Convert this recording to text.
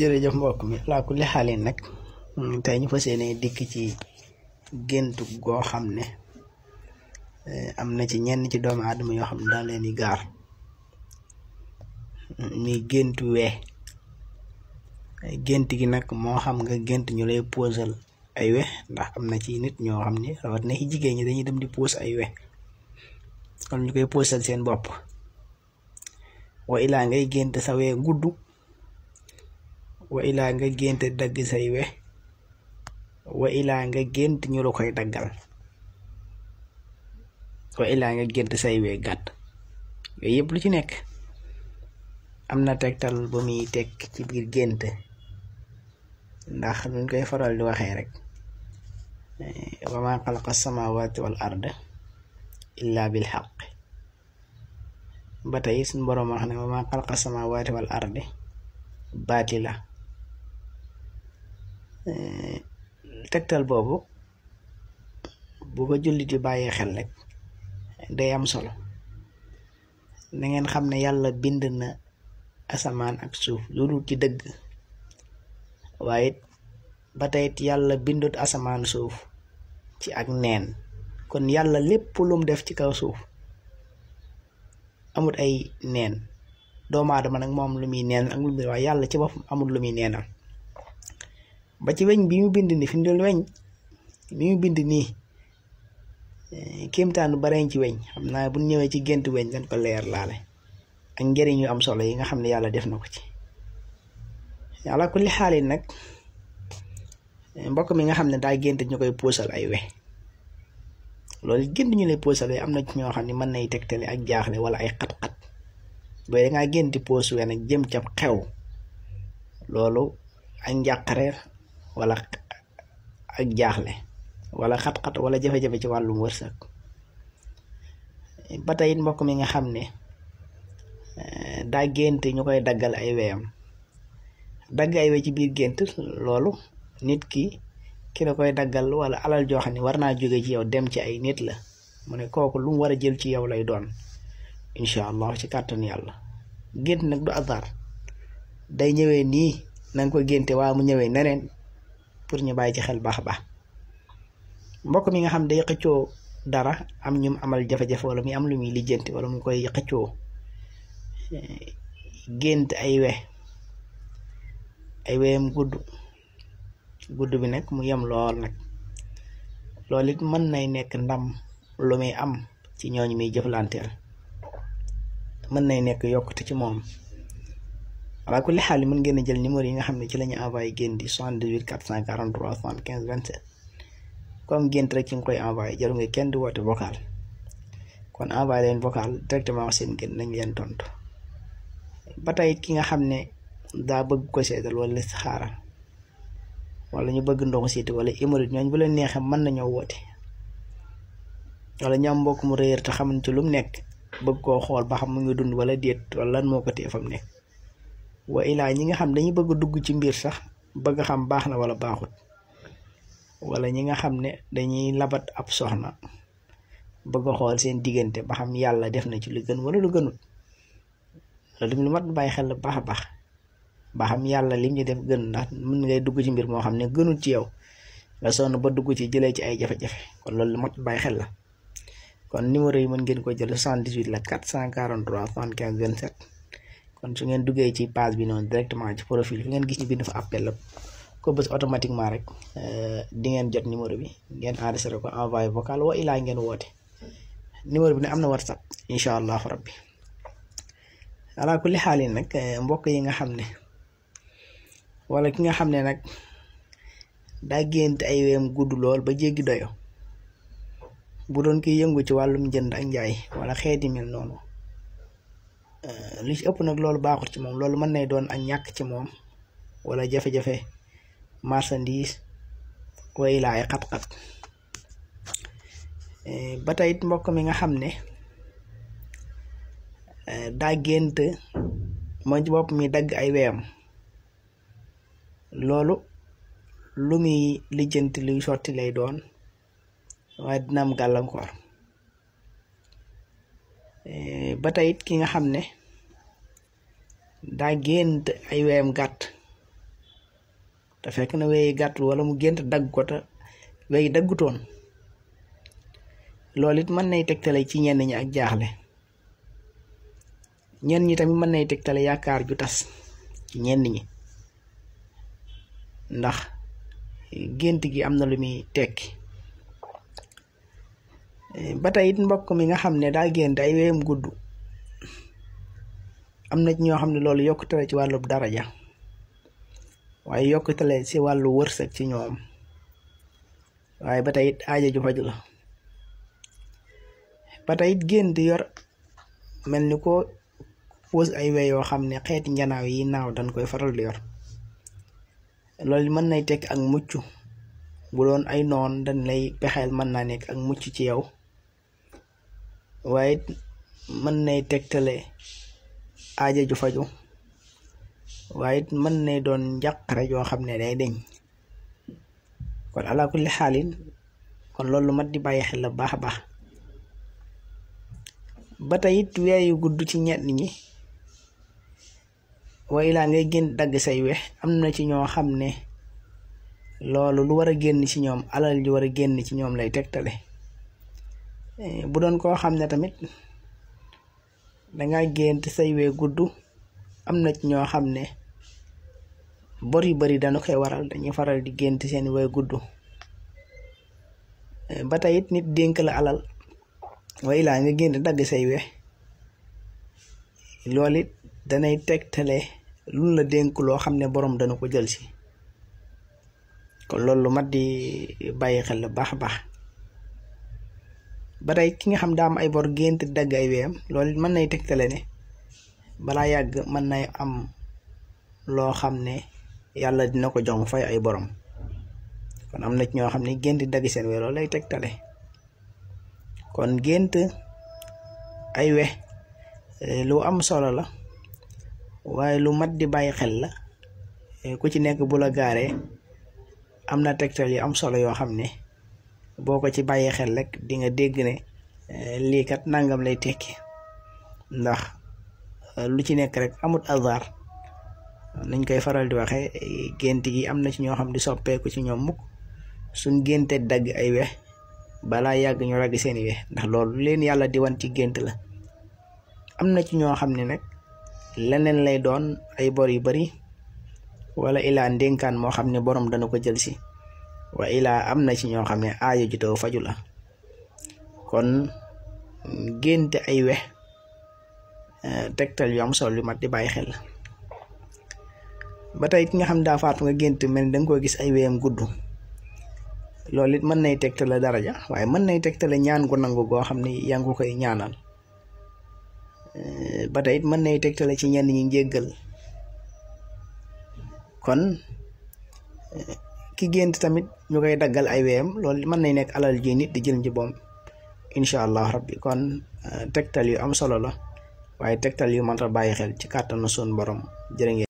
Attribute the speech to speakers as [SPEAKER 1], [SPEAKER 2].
[SPEAKER 1] jërëjëf mbokk mi laa ko xaalin nag mm, tey ñu fas yéene dikk ci géntu goo xam ne eh, am na ci ñenn ci doomu aadama yoo xam ne daal leen di gaar mi mm, géntu wee gént gi nag moo xam nga gént ñu lay posal ay we ndax am na ci nit ñoo xam ne rawat na ci jigéen ñi dañuy dem di pose ay we kon ñu koy posal seen bopp wa ilaa ngay gént sa we gudd wa ilaa nga gént dagg say we wa ilaa nga gént ñu koy daggal wa ilaa nga gént say we gàtt yooyu yëpp lu ci nekk am na tegtal bu muy teg ci biir gént ndax luñ koy faral di waxee rek eh, wa ma xalaqa samawati wal ard illa bil xaq ba tey suñ boroom wax ne wa ma xalaqa samawati wal ardi la tegtal boobu bu ko jullit yi bàyyee xel rek day am solo na ngeen xam ne yàlla bind na asamaan ak suuf loolu ci dëgg waaye ba tey yàlla bindut asamaan suuf ci ak neen kon yàlla lépp lum def ci kaw suuf amut ay neen doomu nag moom lu muy neen ak lu muy wax yàlla ci boppam amul lu muy neenal ba ci weñ bi mu bind nii fi mu doon weñ bi bind nii eh, kéemtaanu bareñ ci weñ xam naa bu ñëwee ci gént weñ dañ ko leer laale ak njëriñ yu am solo yi nga xam ne yàlla def na ko ci yàlla ku li xaalit nag eh, mbokk mi nga xam ne daa gént ñu koy puusal ay we loolu gént ñu lay puusal we am na ci ñoo xam ni mën nay tegtale ak jaaxle wala ay xat-xat booy dangaa gént di puus we nag jëm ca xew loolu ak njàqare wala ak jaaxle wala xat-xat wala jafé jafé ci walum wërsëg batay mbokk mi nga xamné ne eh, da gént ñu daggal ay weyam dagg ay wey ci biir gënt loolu nit ki ki la koy daggal wala alal jo Warna warna joge ci yow dem ci ay nit la mu ne lu mu war jël ci yow lay doon inshallah allah ci carton yalla gënt nak du azar day ñëwé ni nang ko génte wa mu ñëwé pour ñu bàyyi ci xel baax a baax mbokk mi nga xam day xëccoo dara am ñu amal jafe-jafe wala muy am lu muy lijjanti wala mu koy xëccoo gént ay we ay weyam gudd gudd bi nag mu yem lool nag loolu it mën nay nekk ndam lu muy am ci ñooñ muy jëflanteel mën nay nekk yokkute ci moom ala kulli hal mën ngeen jël numéro yi nga xam ci lañu ñu envoyé gént di 78 443 75 27 comme gën rek ci nga koy envoyé jarul nga kenn di wote vocal kon envoyé len vocal directement seen gën nañ leen tontu batay e ki nga xam da bëgg ko sétal wala listixaara wala ñu e bëgg ndox siiti wala émorite ñooñ bu leen neexee mën nañu wote wala ñam mbokk mu reer ta xamuñ ci lu nekk bëgg ko xol ba xam mu ngi dund wala deet wala lan moko téfam téye nekk wa ilaa ñi nga xam dañu bëgg a dugg ci mbir sax bëgg xam baax na wala baaxut wala ñi nga xam ne dañuy labat ab soxna bëgg xool seen diggante ba xam yàlla def na ci lu gën wala lu gënut loolu lu mat bàyyi xel baax a baax ba xam yàlla lim ñu def gën ndax mën ngay dugg ci mbir moo xam ne gënut ci yow nga sonn ba dugg ci jëlee ci ay jafe-jafe loolu lu mat bàyyi xel la kon numéro yi mën ngeen ko jël 78 la 443 75 27 kon su ngeen duggee ci page bi noonu directement ci profil fi ngeen gis ñu bind fa appel la ko bës automatiquement rek euh, di ngeen jot numéro bi ngeen enregistré ko envoyé vocal ilaa ngeen woote numéro bi ne am na whatsapp incha allahu rabbi alaa kulli xaalin nag euh, mbokk yi nga xam ne wala ki nga xam ne nag daa gént ay weem gudd lool ba jéggi doyo bu doon kiy yëngu ci wàllum njënd a njaay wala xeeti mel noonu Euh, li ci ëpp nag loolu baaxul ci moom loolu mën nay doon ak ñàkk ci moom wala jafe-jafe marchandise way laay xat-xat euh, ba mbokk mi nga xam ne euh, daa gént mooy bopp mi dagg ay weyam loolu lu muy lijjanti luy sotti lay doon waaye dina am gàllankoor Eh, ba tey ki nga xam ne daa gént ay weyam gàtt te fekk na weyi gàttul wala mu gént dagg ko te weyi daggutoon loolu it mën nay tegtale ci ñenn ñi ak jaaxle ñenn ñi tamit mën nay tegtale yaakaar ju tas ci ñenn ñi ndax gént gi am na lu muy tekki Eh, ba tey mbokk mi nga xam ne daa génn ay wéyam gudd am na ci ñoo xam ne loolu yokkutale ci wàllu daraja waaye yokkutale ci wàllu wërsëg ci ñoom waaye ba tey it aaja faju la ba tey it génn di yor mel ni ko pose ay wey yoo xam ne xeeti njanaw yi naaw dañ koy faral di yor loolu mën nay tekk ak mucc bu doon ay noon dañ lay pexeel mën naa nekk ak mucc ci yow waaye mën nay tegtale aaja ju faju waaye mën nay doon njàqare joo xam ne day deñ kon ala kulli xaalin kon loolu mat di bàyyi xel la baax a baax ba tey it gudd ci ñenn ñi way laa ngay génn dagg say weex am na ci ñoo xam ne loolu lu war a génn ci ñoom alal ju war a génn ci ñoom lay tegtale Eh, bu doon koo xam ne tamit dangay gént say wee gudd am na ci ñoo xam ne bor yu bari dana koy waral dañuy faral di gént seen we gudd eh, ba tey nit dénk la alal way laa nga gént dagg say we loolu it danay tegtale lu la dénk loo xam ne boroom dana ko jël si kon loolu lu mat di bàyyi xel baax baax ba tey ki nga xam daa am ay bor gént di dagg ay weyam loolu mën nay tegtale ne balaa yàgg mën nay am loo xam ne yàlla dina ko jox fay ay borom kon am na ci ñoo xam ne gént di dagg seen we loolu lay tegtale kon gént ay we eh, lu am solo la waaye lu mat di bàyyi xel la eh, ku ci nekk bula la gaaree am na tegtal yu am solo yoo xam ne boo ko ci bàyyi xel rek dinga nga dégg ne eh, lii nangam lay tekki ndax eh, lu ci nekk rek amut hasard niñ koy faral di waxe gént gi am na ci ñoo xam di soppeeku ci ñoom mukk suñ génte dagg ay wex balaa yàgg ñu ragg seeni wex ndax loolu leen yàlla di wan ci gént la am na ci ñoo xam ni nag leneen lay doon ay bor yu bari wala ilaa ndénkaan moo xam ne borom dana ko jël si waa ilaa am na ci ñoo xam ne aajo ju taw faju la kon génte ay we eh, tegtal yu sol yu mat di bàyyi xel ba tey it nga xam daa faatu nga gént mel ni danga ko gis ay weyam gudd loolu it mën nay tegtale daraja waaye mën nay tegtale ñaan gu nangu goo xam ne yaa ngi koy ñaanal eh, ba mën nay tegtale ci ñenn ñi njéggal kon eh, ki gént tamit ñu koy daggal ay lool loolu mën nay nekk alal ji nit di jël njëboom incha allah rabbi kon eh, tegtal yu am solo la waaye tegtal yu man a bàyyi xel ci kàttanu sun borom jërë ngeen